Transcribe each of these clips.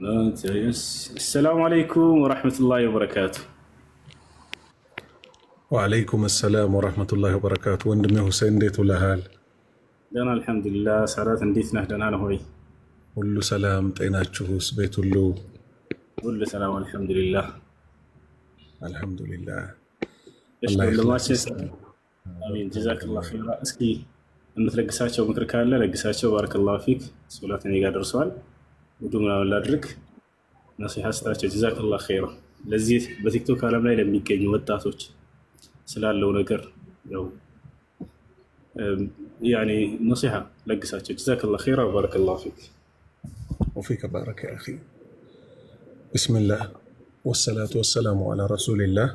السلام عليكم ورحمة الله وبركاته وعليكم السلام ورحمة الله وبركاته وندم حسين ديت ولا هال دانا الحمد لله سعرات نديتنا دانا هوي كل سلام تينا تشوس بيت اللو كل سلام الحمد لله الحمد لله الله آمين جزاك الله خيرا اسكي مثل قساتشو مثل كالا لقساتشو بارك الله فيك سولاتني قادر سؤال ودمنا ولادرك نصيحة ستاتش جزاك الله خيرا لذي بسكتو عالم لاي لم يقيني سلام لو نكر يو يعني نصيحة لك ساتش جزاك الله خيرا وبارك الله فيك وفيك بارك يا أخي بسم الله والصلاة والسلام على رسول الله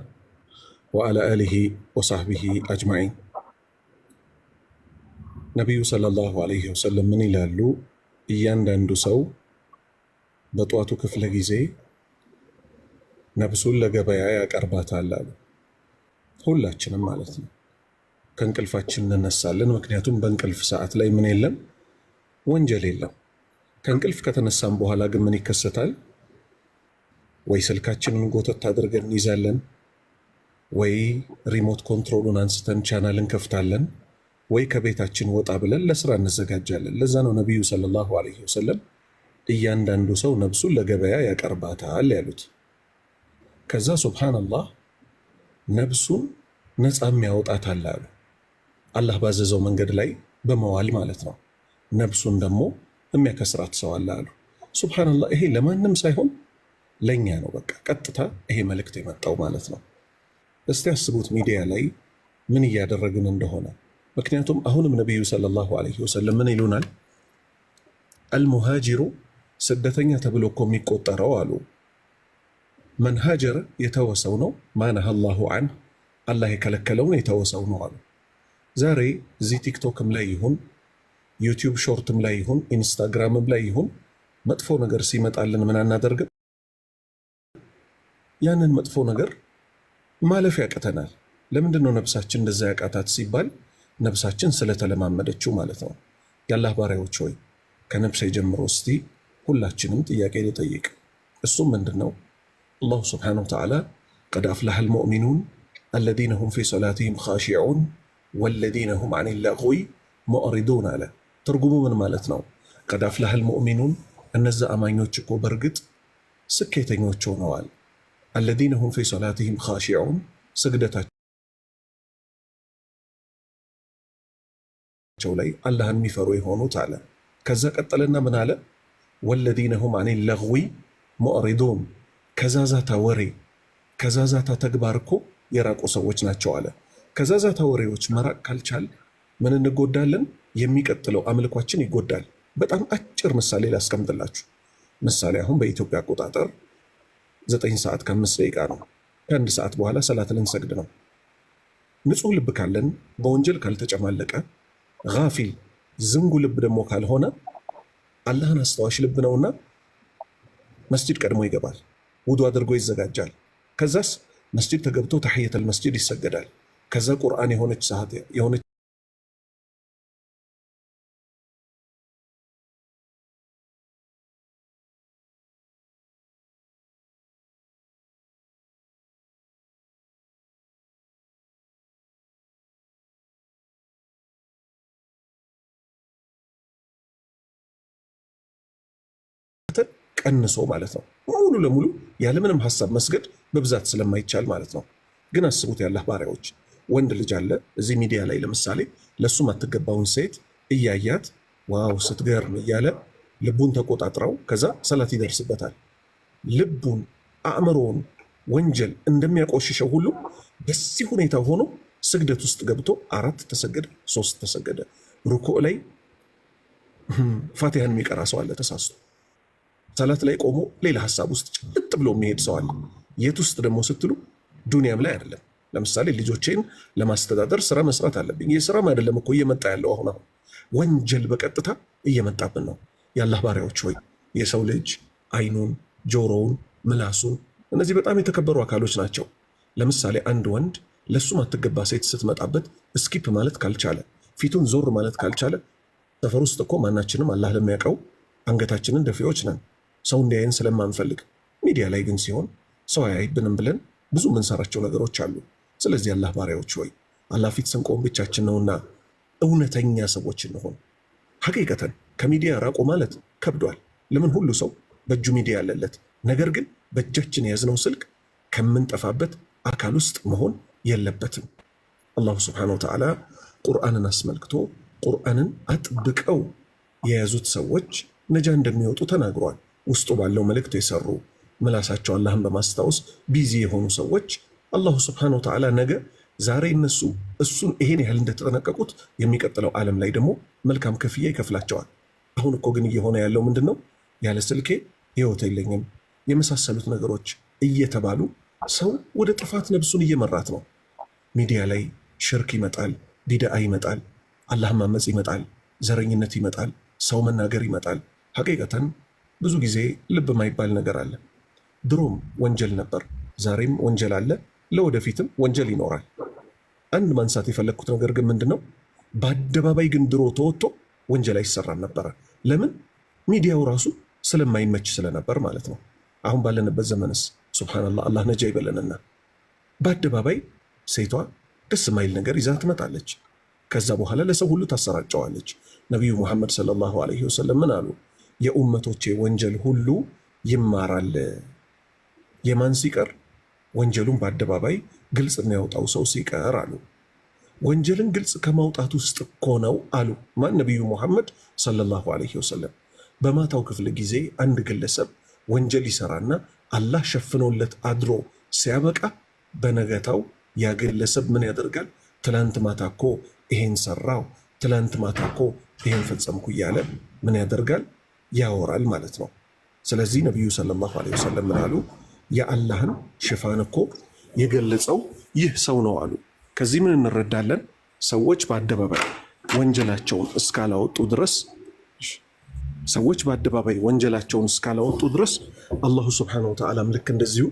وعلى آله وصحبه أجمعين نبي صلى الله عليه وسلم من إلى اللو يندن دو سو በጧቱ ክፍለ ጊዜ ነብሱን ለገበያ ያቀርባታል አሉ። ሁላችንም ማለት ነው ከእንቅልፋችን እንነሳለን። ምክንያቱም በእንቅልፍ ሰዓት ላይ ምን የለም ወንጀል የለም። ከእንቅልፍ ከተነሳም በኋላ ግን ምን ይከሰታል? ወይ ስልካችንን ጎተት አድርገን እንይዛለን፣ ወይ ሪሞት ኮንትሮሉን አንስተን ቻናል እንከፍታለን፣ ወይ ከቤታችን ወጣ ብለን ለስራ እንዘጋጃለን። ለዛ ነው ነቢዩ ሰለላሁ ዐለይሂ ወሰለም እያንዳንዱ ሰው ነፍሱን ለገበያ ያቀርባታል ያሉት። ከዛ ሱብሃነላህ ነፍሱን ነፃ የሚያወጣታል አሉ። አላህ ባዘዘው መንገድ ላይ በመዋል ማለት ነው። ነፍሱን ደግሞ የሚያከስራት ሰው አለ አሉ። ሱብሃነላህ ይሄ ለማንም ሳይሆን ለእኛ ነው። በቃ ቀጥታ ይሄ መልእክት የመጣው ማለት ነው። እስቲ አስቡት ሚዲያ ላይ ምን እያደረግን እንደሆነ። ምክንያቱም አሁንም ነቢዩ ሰለላሁ ዐለይሂ ወሰለም ምን ይሉናል አልሙሃጅሩ ስደተኛ ተብሎ እኮ የሚቆጠረው አሉ። መን ሀጀረ የተወሰው ነው፣ ማነህ አላሁ አንህ አላህ የከለከለውን የተወሰው ነው አሉ። ዛሬ እዚህ ቲክቶክም ላይ ይሁን ዩቲዩብ ሾርትም ላይ ይሁን ኢንስታግራምም ላይ ይሁን መጥፎ ነገር ሲመጣልን ምን አናደርግም? ያንን መጥፎ ነገር ማለፍ ያቅተናል። ለምንድን ነው ነብሳችን እንደዛ ያቃታት ሲባል ነብሳችን ስለተለማመደችው ማለት ነው። የአላህ ባሪያዎች ሆይ ከነብሴ ጀምሮ እስቲ ሁላችንም ጥያቄ ይጠይቅ። እሱም ምንድን ነው? አላሁ ስብሓነሁ ወተዓላ ቀድ አፍላሐ አልሙእሚኑን አለዚነ ሁም ፊ ሰላቲሂም ኻሺዑን ወለዚነ ሁም አን ላጉይ ሙዕሪዱን አለ። ትርጉሙ ምን ማለት ነው? ቀድ አፍላሐ አልሙእሚኑን እነዛ አማኞች እኮ በእርግጥ ስኬተኞች ሆነዋል። አለዚነ ሁም ፊ ሰላቲሂም ኻሺዑን ስግደታቸው ላይ አላህን የሚፈሩ የሆኑት አለ። ከዛ ቀጠለና ምን አለ? ወለዚነ ሁም አኔ ለዊ ሙዕሪዱን ከዛዛታ ወሬ ከዛዛታ ተግባር እኮ የራቁ ሰዎች ናቸው አለ። ከዛዛታ ወሬዎች መራቅ ካልቻል ምን እንጎዳለን? የሚቀጥለው አምልኳችን ይጎዳል። በጣም አጭር ምሳሌ ላስቀምጥላችሁ። ምሳሌ አሁን በኢትዮጵያ አቆጣጠር ዘጠኝ ሰዓት ከአምስት ደቂቃ ነው። ከአንድ ሰዓት በኋላ ሰላት ልንሰግድ ነው። ንጹሕ ልብ ካለን በወንጀል ካልተጨማለቀ፣ ጋፊል ዝንጉ ልብ ደግሞ ካልሆነ አላህን አስተዋሽ ልብ ነውና መስጂድ ቀድሞ ይገባል። ውዱ አድርጎ ይዘጋጃል። ከዛስ መስጂድ ተገብቶ ተሕየተል መስጂድ ይሰገዳል። ከዛ ቁርአን የሆነች ቀንሶ ማለት ነው። ሙሉ ለሙሉ ያለምንም ሀሳብ መስገድ በብዛት ስለማይቻል ማለት ነው። ግን አስቡት ያለህ ባሪያዎች፣ ወንድ ልጅ አለ እዚህ ሚዲያ ላይ ለምሳሌ ለእሱ ማትገባውን ሴት እያያት ዋው ስትገርም እያለ ልቡን ተቆጣጥረው ከዛ ሰላት ይደርስበታል። ልቡን አእምሮውን ወንጀል እንደሚያቆሽሸው ሁሉ በዚህ ሁኔታ ሆኖ ስግደት ውስጥ ገብቶ አራት ተሰገደ፣ ሶስት ተሰገደ። ሩኩዕ ላይ ፋቲሃን የሚቀራ ሰው አለ ተሳስቶ ሰላት ላይ ቆሞ ሌላ ሀሳብ ውስጥ ጭልጥ ብሎ የሚሄድ ሰው አለ። የት ውስጥ ደግሞ ስትሉ ዱንያም ላይ አይደለም። ለምሳሌ ልጆቼን ለማስተዳደር ስራ መስራት አለብኝ። ይህ ስራም አይደለም እኮ እየመጣ ያለው አሁን አሁን ወንጀል በቀጥታ እየመጣብን ነው። የአላህ ባሪያዎች ሆይ የሰው ልጅ አይኑን፣ ጆሮውን፣ ምላሱን እነዚህ በጣም የተከበሩ አካሎች ናቸው። ለምሳሌ አንድ ወንድ ለእሱ ማትገባ ሴት ስትመጣበት እስኪፕ ማለት ካልቻለ፣ ፊቱን ዞር ማለት ካልቻለ፣ ሰፈር ውስጥ እኮ ማናችንም አላህ ለሚያውቀው አንገታችንን ደፊዎች ነን። ሰው እንዲያይን ስለማንፈልግ ሚዲያ ላይ ግን ሲሆን ሰው አያይብንም ብለን ብዙ የምንሰራቸው ነገሮች አሉ። ስለዚህ አላህ ባሪያዎች ወይ አላህ ፊት ስንቆም ብቻችን ነውና እውነተኛ ሰዎች እንሆን። ሀቂቀተን ከሚዲያ ራቁ ማለት ከብዷል። ለምን ሁሉ ሰው በእጁ ሚዲያ ያለለት፣ ነገር ግን በእጃችን የያዝነው ስልክ ከምንጠፋበት አካል ውስጥ መሆን የለበትም። አላሁ ስብሐነሁ ወተዓላ ቁርአንን አስመልክቶ ቁርአንን አጥብቀው የያዙት ሰዎች ነጃ እንደሚወጡ ተናግሯል። ውስጡ ባለው መልእክት የሰሩ ምላሳቸው አላህን በማስታወስ ቢዚ የሆኑ ሰዎች አላሁ ስብሐነሁ ወተዓላ ነገ ዛሬ እነሱ እሱን ይሄን ያህል እንደተጠነቀቁት የሚቀጥለው ዓለም ላይ ደግሞ መልካም ክፍያ ይከፍላቸዋል። አሁን እኮ ግን እየሆነ ያለው ምንድን ነው? ያለ ስልኬ ህይወት የለኝም የመሳሰሉት ነገሮች እየተባሉ ሰው ወደ ጥፋት ነብሱን እየመራት ነው። ሚዲያ ላይ ሽርክ ይመጣል፣ ቢድዓ ይመጣል፣ አላህ ማመፅ ይመጣል፣ ዘረኝነት ይመጣል፣ ሰው መናገር ይመጣል። ሀቂቀተን ብዙ ጊዜ ልብ የማይባል ነገር አለ። ድሮም ወንጀል ነበር፣ ዛሬም ወንጀል አለ፣ ለወደፊትም ወንጀል ይኖራል። አንድ ማንሳት የፈለግኩት ነገር ግን ምንድን ነው፣ በአደባባይ ግን ድሮ ተወጥቶ ወንጀል አይሰራም ነበረ። ለምን? ሚዲያው ራሱ ስለማይመች ስለነበር ማለት ነው። አሁን ባለንበት ዘመንስ ሱብሃነላህ አላህ ነጃ ይበለንና በአደባባይ ሴቷ ደስ የማይል ነገር ይዛ ትመጣለች። ከዛ በኋላ ለሰው ሁሉ ታሰራጨዋለች። ነቢዩ ሙሐመድ ሰለላሁ ዐለይሂ ወሰለም ምን አሉ? የኡመቶቼ ወንጀል ሁሉ ይማራል። የማን ሲቀር ወንጀሉን በአደባባይ ግልጽ የሚያወጣው ሰው ሲቀር አሉ። ወንጀልን ግልጽ ከማውጣት ውስጥ እኮ ነው አሉ ማን ነቢዩ ሙሐመድ ሰለላሁ ዓለይሂ ወሰለም። በማታው ክፍለ ጊዜ አንድ ግለሰብ ወንጀል ይሰራና አላህ ሸፍኖለት አድሮ ሲያበቃ በነገታው ያ ግለሰብ ምን ያደርጋል? ትላንት ማታ እኮ ይሄን ሰራው፣ ትላንት ማታ እኮ ይሄን ፈጸምኩ እያለ ምን ያደርጋል? ያወራል ማለት ነው። ስለዚህ ነቢዩ ሰለላሁ ዐለይሂ ወሰለም ምን አሉ? የአላህን ሽፋን እኮ የገለጸው ይህ ሰው ነው አሉ። ከዚህ ምን እንረዳለን? ሰዎች በአደባባይ ወንጀላቸውን እስካላወጡ ድረስ ሰዎች በአደባባይ ወንጀላቸውን እስካላወጡ ድረስ አላሁ ስብሓነሁ ወተዓላም ልክ እንደዚሁ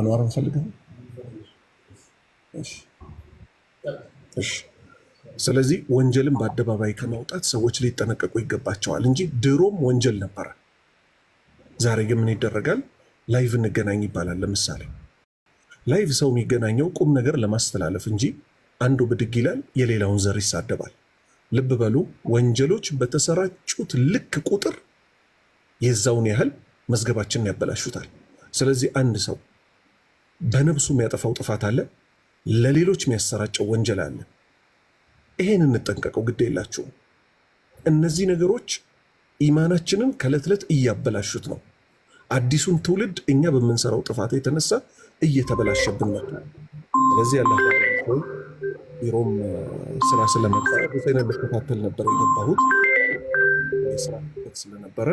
አንዋር እንፈልጋለን። ስለዚህ ወንጀልን በአደባባይ ከማውጣት ሰዎች ሊጠነቀቁ ይገባቸዋል እንጂ ድሮም ወንጀል ነበረ። ዛሬ ግን ምን ይደረጋል? ላይቭ እንገናኝ ይባላል። ለምሳሌ ላይቭ ሰው የሚገናኘው ቁም ነገር ለማስተላለፍ እንጂ አንዱ ብድግ ይላል፣ የሌላውን ዘር ይሳደባል። ልብ በሉ፣ ወንጀሎች በተሰራጩት ልክ ቁጥር የዛውን ያህል መዝገባችንን ያበላሹታል። ስለዚህ አንድ ሰው በነብሱ የሚያጠፋው ጥፋት አለ፣ ለሌሎች የሚያሰራጨው ወንጀል አለ። ይሄን እንጠንቀቀው። ግድ የላችሁም። እነዚህ ነገሮች ኢማናችንን ከዕለት ዕለት እያበላሹት ነው። አዲሱን ትውልድ እኛ በምንሰራው ጥፋት የተነሳ እየተበላሸብን ነው። ስለዚህ ያለ ቢሮም ስራ ስለነበረ ሴነ ልከታተል ነበር የገባሁት ስራ ስለነበረ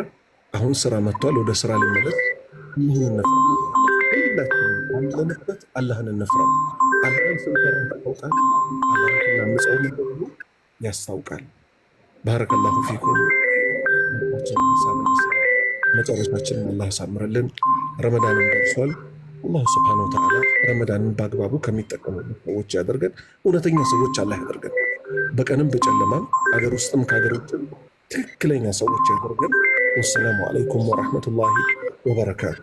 አሁን ስራ መጥቷል። ወደ ስራ ልመለስ። ይህን እንፍራ፣ ሁላችንም አለንበት አላህን እንፍራ። አላህን ስንፈራ ማውጣት አላህና መጾም እንደሆኑ ያስታውቃል። ባረከላሁ ፊኩም። መጨረሻችንን አላህ ያሳምርልን። ደርሷል። አላሁ ወተዓላ ረመዳንን በአግባቡ ከሚጠቀሙበት ሰዎች ያደርገን። እውነተኛ ሰዎች አላህ ያደርገን። በቀንም በጨለማም አገር ውስጥም ከአገር ውጭም ትክክለኛ ሰዎች ያደርገን። ወሰላሙ አለይኩም ወረሕመቱላሂ ወበረካቱ